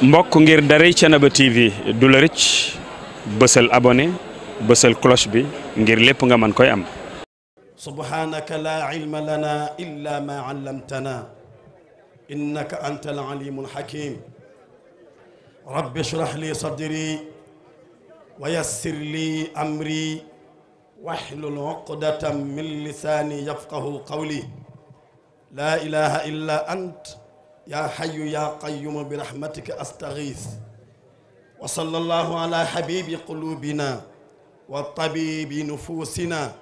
mbokk ngir daray Thiénaba TV du la rëcc bësal cloche bi ngir lépp nga mën koy am subhanaka la ilma lana illa ma allamtana innaka anta alalimul hakim rabbi shrah li sadri wa yassir li amri wahlul uqdatan min lisani yafqahu qawli la ilaha illa ant yaa xayu yaa qayuma bi rahmatika astaxiis wa sallallahu ala xabibi qulubina wa tabibi nufuusina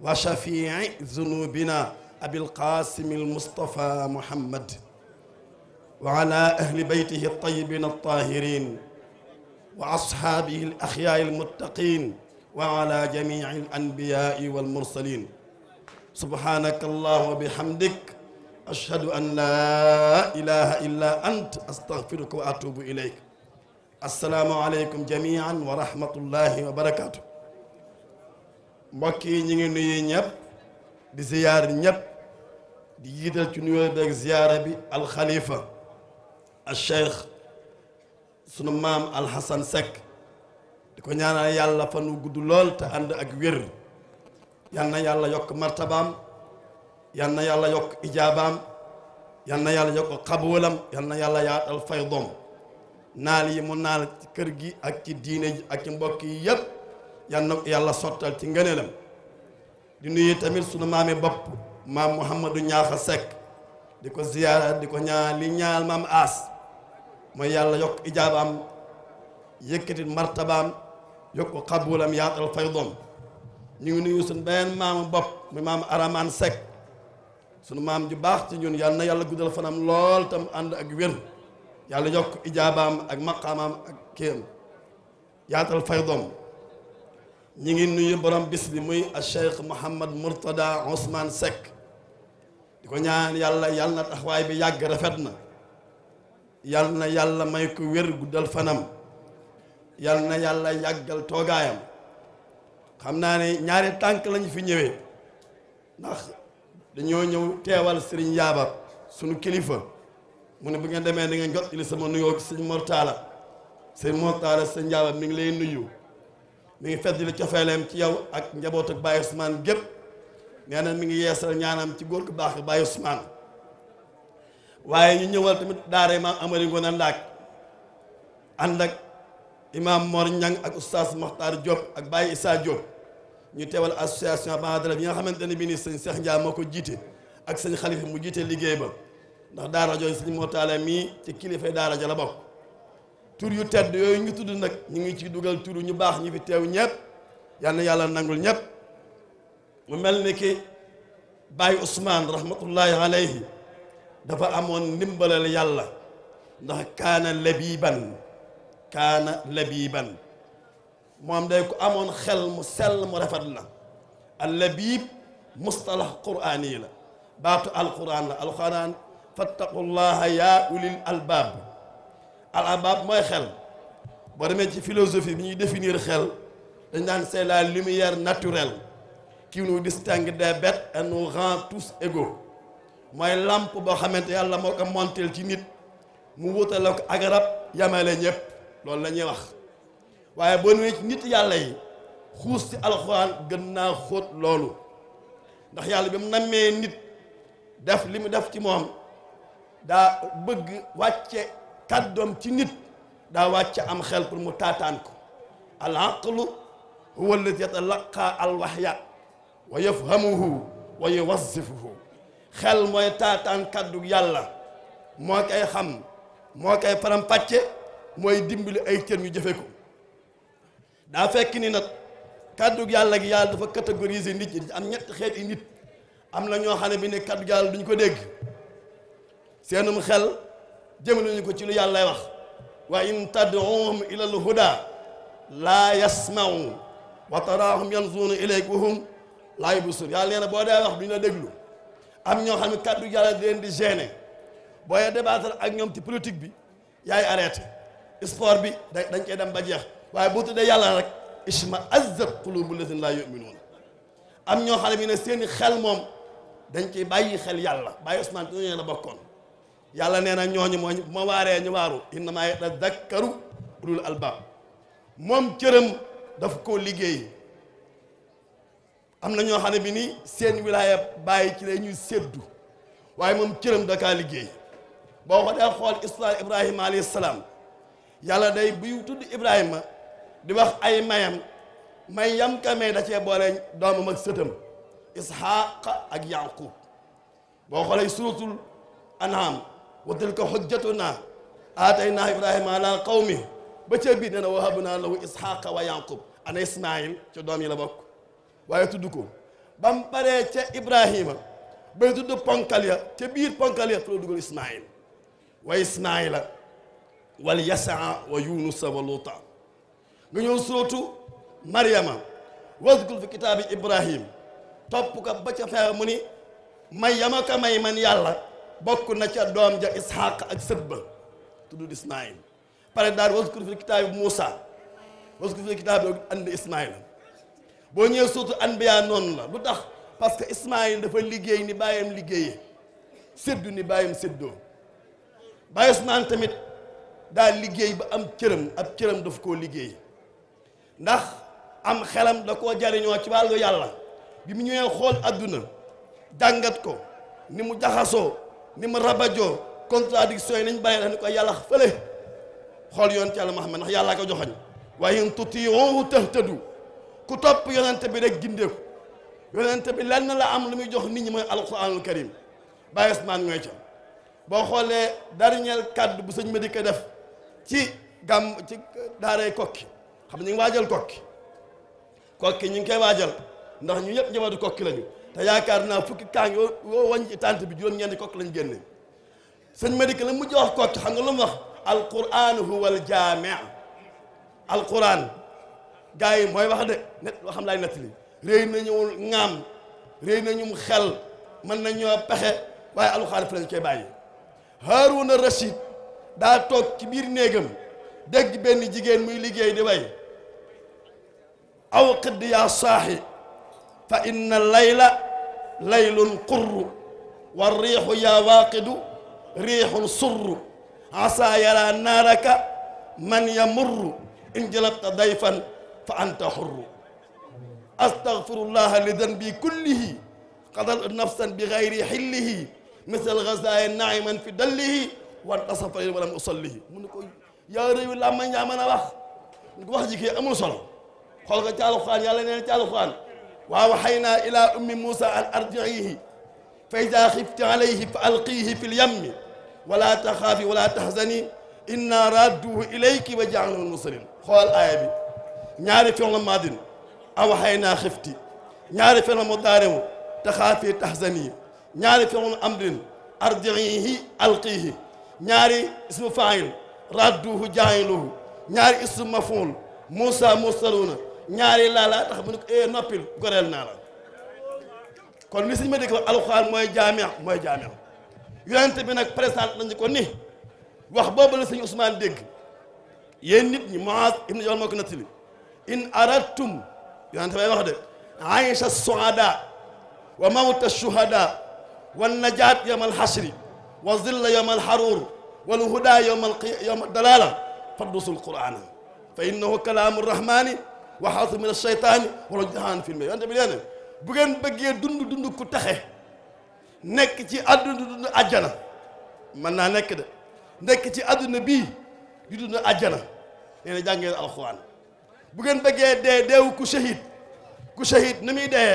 wa shafiici zunubina abil qaasim al mustafa muhammad wa ala ahli baytihi tayibiin altahirin wa ashaabihi al axyaai almuttaqiin wa ala jamici al anbiyaai wal mursaliin subhaanaka allahumma wa bihamdik ashhadu an laa ilaha illa ant astaghfiruka wa atubu ilayk assalaamu aleykum jamian wa wa barakaatu mbokk yi ñu ngi nuyu ñëpp di ziyaar ñëpp di jiital ci nuyoo beeg ziyaara bi alxalifa al cheikh sunu maam alxasan Seck di ko ñaanal yàlla fan wu gudd lool te ànd ak wér yal yàlla yokk martabaam yal yàlla yokk ijaabaam yal yàlla yokk xabuulam yàlla yaatal fay doom naal yi mu naal ci kër gi ak ci diine ji ak ci mbokk yi yëpp yàlla sottal ci ngëneelam di nuyu tamit sunu maami bopp maam Mouhamadou Ñaaxa Seck di ko ziyaara di ko ñaar li ñaal maam aas mooy yàlla yokk ijaabaam yëkkati martabaam yokk xabuulam yaatal fay ñu ngi nuyu sunu beneen maamu bopp mu maam Aramaan Seck sunu maam ju baax ci ñun yàlla na yàlla guddal fanam lool tam ànd ak wér yàlla yokk ijaabaam ak maqaamaam ak kéem yaatal faydoom ñi ngi nuyu borom bis bi muy a cheikh Mouhamad Mourtada Ousmane Seck di ko ñaan yàlla yàlla na bi yàgg rafet na yàlla na yàlla may ko wér guddal fanam yàlla na yàlla yàggal toogaayam xam naa ne ñaari tànk lañu fi ñëwee ndax dañoo ñëw teewal Serigne Yaaba suñu kilifa mu ne bu ngeen demee da ngeen jot li sama nuyoo sëñ Mortala sëñ Mortala sëñ Yaaba mi ngi lay nuyu mi ngi fedd li cofeeleem ci yow ak njaboot ak Baye Ousmane gépp nee na mi ngi yeesal ñaanam ci góor gu baax gi Baye Ousmane waaye ñu ñëwal tamit daara imaam Amari Ngoone Ndaak ànd ak imaam Mor ak oustaz Mokhtar Diop ak Baye Issa Diop. ñu teewal association Bahadara bi nga xamante ne bii nii sëñ Cheikh Ndiaye moo ko jiite ak sëñ Xalifa mu jiite liggéey ba ndax daara jooju sëñ Mortalla mii ci kilifay daara ja la bokk tur yu tedd yooyu ñu tudd nag ñu ngi ci dugal tur ñu baax ñu fi teew ñëpp yal yàlla nangul ñëpp mu mel ni ki Baye Ousmane rahmatullahi alayhi dafa amoon ndimbalal yàlla ndax kaana labiban kaana labiban moom day ku amoon xel mu sell mu rafet la allabiib mustalax quraan yi la baatu alquran la alquran fattaqullaha yaa ulil albaab al albaab mooy xel boo demee ci philosophie bi ñuy définir xel dañ daan c'est la lumière naturelle qui nous distingue des bêtes et rend tous égaux mooy làmp boo xamante yàlla moo ko monteel ci nit mu wutale ko agrab yamale ñëpp loolu lañuy wax waaye boo ñëwee ci nit yàlla yi xuus ci alxuraan gën naa xóot loolu ndax yàlla bi mu nammee nit def li mu def ci moom daa bëgg wàcce kàddoom ci nit daa wàcce am xel pour mu taataan ko al aqlu huwa alladi yatalaqa al waxya wa yafhamuhu wa yuwassifuhu xel mooy taataan kàddu yàlla moo koy xam moo koy faram-fàcce mooy dimbali ay cër ñu jëfe ko daa fekk nii nag kaddu yàlla gi yàlla dafa catégoriser nit ñi am ñetti xeeti nit am na ñoo xam ne bi ne kaddu yàlla duñ ko dégg seenum xel jëmaluñu ko ci lu yàlla wax wa in tad'uhum ila al huda laa yasma'u wa taraahum yanzuruna ilayk wa hum bu yubsirun yàlla nee na boo dee wax duñ la déglu am ñoo xam ne kaddu yàlla di leen di gêner booy ak ñoom ci politique bi yaay arrêté sport bi dañ koy dem ba jeex waaye boo tuddee yàlla rek isma azzab qulubu lazina laa yuminuun am ñoo xam ne bi ne seeni xel moom dañ ciy bàyyi xel yàlla bàyyi Usmaan bokkoon yàlla nee na ñooñu ñu waaru innamaa yatadakkaru ulul moom cëram dafa koo liggéey am na ñoo bi nii seen wilaaya bàyyi ci la ñuy séddu waaye moom cërëm da liggéey boo ko dee xool histoire Ibrahima alayhi salaam yàlla day buy tudd Ibrahima di wax ay mayam may ka may da cee boole doomam ak sëtam isxaq ak yaqub boo wa tilka hujjatuna aataynaa ibrahima ala qawmi ba ca biir nee wahabna lahu isxaqa wa yaqub ana ismail ca doom yi la bokk waaye tudd ko ba mu paree ca ibrahima bay tudd ya ca biir ponkal ya fa la dugal ismail wa ismaila wal yasaa wa yunusa wa luta nga ñëw sóotu Mariama wasgul kitaabi Ibrahim topp ko ba ca fexe mu na ca doom ja Ishaq ak sët ba tudd Ismaïl pare daal wasgul kitaabi Moussa wasgul fi kitaabi and Ismaïl boo ñëwee sóotu anbiya noonu la lu tax parce que Ismaïl dafa liggéey ni bàyyam liggéeyee séddu ni bàyyam séddoo bàyyi Ismaïl tamit daal liggéey ba am cëram ab cëram daf koo liggéey ndax am xelam da koo jariñoo ci wàllu yàlla bi mu ñëwee xool adduna jàngat ko ni mu jaxasoo ni mu rabajoo contradiction yi nañ bàyyi dax ni ko yàlla fële xool yoon ci yàlla Muhammad ndax yàllaa ko joxoñ waaye in tutii'uuhu tahtadu ku topp yonente bi rek gindeeku yonente bi lenn la am lu muy jox nit ñi mooy alquranul karim bàyyi Usmaan ñooy ca boo xoolee dernier kàddu bu sëñ Madické def ci gàmm ci daaray kokki xam ñu ngi waajal kokki kokki ñu ngi koy waajal ndax ñu ñëpp njabootu kokki lañu te yaakaar naa fukki kaang yoo yoo wañ tànt bi juróom-ñeenti kokki lañ génne sëñ Madické la mujj wax kokki xam nga lu mu wax alquran huwa aljaami alquran gars yi mooy wax de net loo xam laay nettali réy nañu ŋaam réy nañu xel mën na nañoo pexe waaye alxuraan fi lañ koy bàyyi Haaruna Rachid daa toog ci biir néegam dégg benn jigéen muy liggéey di way awqid yaa saaxi fa inna layla laylun qurru wa riixu yaa waaqidu riixun surru asaa yaraa naaraka man yamurru in jalabta dayfan fa anta xurru astagfirullaha li danbi kullihi qadal nafsan bi gayri xillihi misal gazaaya naiman fi dallihi wan tasafa walam usallihi mu ne ko yaa réewi làmmañ yaa mën a wax wax ji kii amul solo xool nga ci alxuraan yàlla nee na ci alxuraan wa waxaynaa ilaa ummi muusa an arjiihi fa idaa xifti alayhi fa alqiihi fi lyammi wala taxaafi wala taxzani inna radduhu ilayki wa jaalnahu mursalin xool aaya bi ñaari fi'l maadin a waxaynaa xifti ñaari fi'l mudaari'un taxaafi taxzani ñaari fi'l amrin arjiihi alqiihi ñaari ismu faa'il radduhu jaa'iluhu ñaari ismu maf'uul muusa mursaluuna ñaari laa laa tax mu ne ko eh noppil goreel naa la kon li suñu ma wax alxuraan mooy jaamia mooy jaamia yonent bi nag présenté nañu ko ni wax boobu la suñu Ousmane dégg yéen nit ñi Muaz ibn Jabal moo ko nattali in aradtum yonent bay wax de aïcha suada wa mawta shuhada wa najat yawm alxasri wa zilla alxarur wal huda yawm al dalala faddusul qur'ana fa innahu waxaatu min asheytaani wala jahaan filmé yonte bi nee na bu ngeen bëggee dund dund ku texe nekk ci àdduna di dund àjjana mën naa nekk de nekk ci àdduna bii di dund àjjana nee na jàngeen alxuraan bu ngeen bëggee dee deewu ku shahid ku shahid ni muy dee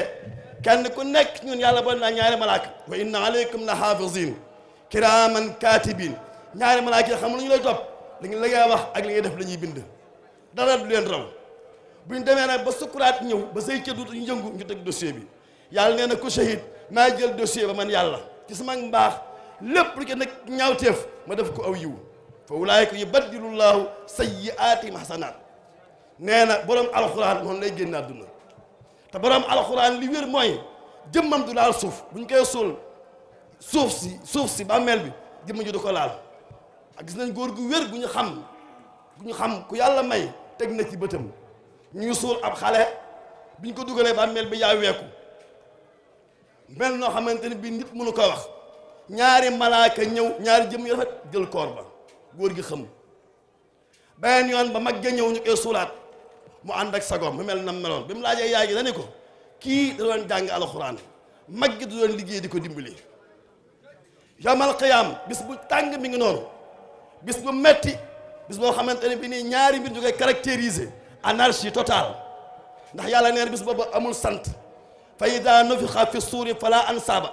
kenn ku nekk ñun yàlla bon naa ñaari malaaka wa inna aleykum la xaafizin kiraaman kaatibin ñaari malaaka yi xam lu ñu lay topp li nga la ngay wax ak li def la ñuy bind dara du leen raw bu ñu demee nag ba sukuraat ñëw ba say cër duñu yëngu ñu teg dossier bi yàlla nee na ko shahid maa jël dossier ba man yàlla ci sama mbaax lépp lu ko nag ñaawteef ma def ko aw yiw fa ulaayika yubaddilu llaahu sayyi'aatihim hasanaat nee na borom alxuraan noonu lay génn àdduna te borom alxuraan li wér mooy jëmmam du laal suuf bu ñu koy suul suuf si suuf si bàmmeel bi jëmm ju du ko laal agis gis nañ góor gu wér gu ñu xam gu ñu xam ku yàlla may teg na ci bëtam. ñu ngi suul ab xale biñ ko dugalee bàmmeel bi yaa weeku mel noo xamante ni bi nit mënu ko wax ñaari malaaka ñëw ñaari jëm yu rafet jël koor ba góor gi xëm beneen yoon ba mag ja ñëw ñu koy suulaat mu ànd ak sagoom mu mel na meloon bi mu laajee yaay gi dani ko kii da jàng alxuraan mag gi du liggéey di ko dimbali yamal bis bu tàng bi ngi noonu bis bu metti bis boo xamante ne bi nii ñaari mbir ñu koy caractériser anarchie totale ndax yàlla neen bis boobu amul sant fa ida nufixa fi suuri fala ansaaba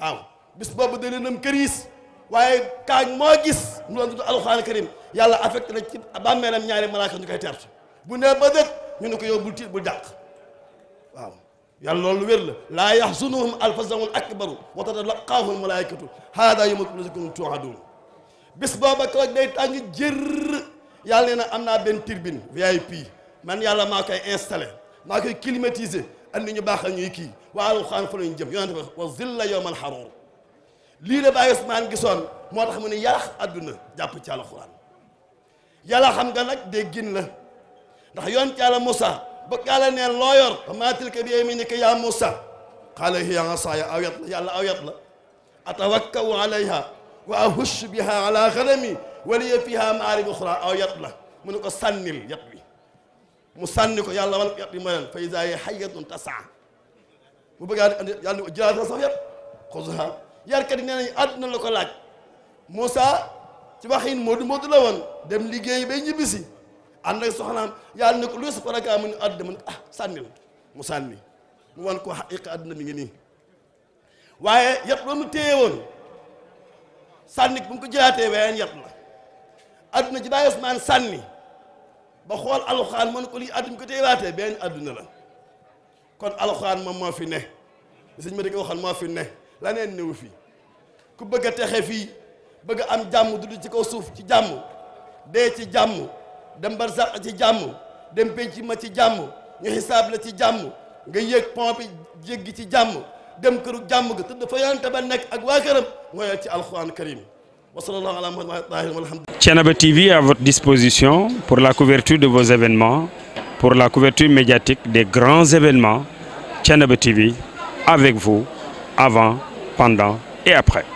waaw bis boobu da lëndëm këriis waaye kaag moo gis mu doon tudd alxuraan karim yàlla affecté na ci bàmmeelam ñaari malaaka ñu koy tertu bu ne ba dëkk ñu ne ko yow bul tiit bul jàq waaw yàlla loolu wér la laa yaxzunuhum alfazamul akbaru wa tatalaqaahum malaikatu haada yawmukum tuuhaduun yàlla nee na am naa benn turbine VIP man yàlla maa koy installé maa koy climatisé andi ñu baax a ñuy kii waa alxuraan fa lañu jëm yonente ba wa zilla yawmal haruur lii la Baay Usmaan gisoon moo tax mu ne yàlla àdduna jàpp ci alxuraan yàlla xam nga nag gin la ndax yonent yàlla Moussa ba yàlla nee loo yor fa maa tilka bi yamiinika yaa Moussa qaala hiya aw yat la yàlla aw yat la atawakkau alayha wa ahushu biha ala xanami waliya fiha maarib uxra aw yat la mu ne ko sànnil mu sànni ko yàlla wan yat bi manen fa iza hiya hayyatun tasaa bu bëggaa di andi yàlla ni jëlaat na sax la ko laaj Moussa ci waxin moodu moodu la woon dem liggéey bay ñibbisi ànd ak soxnaam yàlla ne ko luy sa programme mu ne ah sànnil mu sànni mu wan mi ngi waaye yat loolu sànni bu mu ko jëlaatee weyaan yat la adduna ji bàyyi Usmaan sànni ba xool alxuraan mën ko lii adduna ko teewaatee benn àdduna la kon alxuraan moom moo fi ne sëñ ma dëgg waxal moo fi ne la neen néew fii ku bëgg a texe fii bëgg a am jàmm dudd ci kaw suuf ci jàmm dee ci jàmm dem barsàq ci jàmm dem penc ma ci jàmm ñu xisaab la ci jàmm nga yéeg pont bi jéggi ci jàmm dem kër jàmm ga tëdd fa yonente ba nekk ak waa këram ngoyal ci alquran karim wa sallallahu ala muhammad wa TV à votre disposition pour la couverture de vos événements pour la couverture médiatique des grands événements Thiénaba TV avec vous avant pendant et après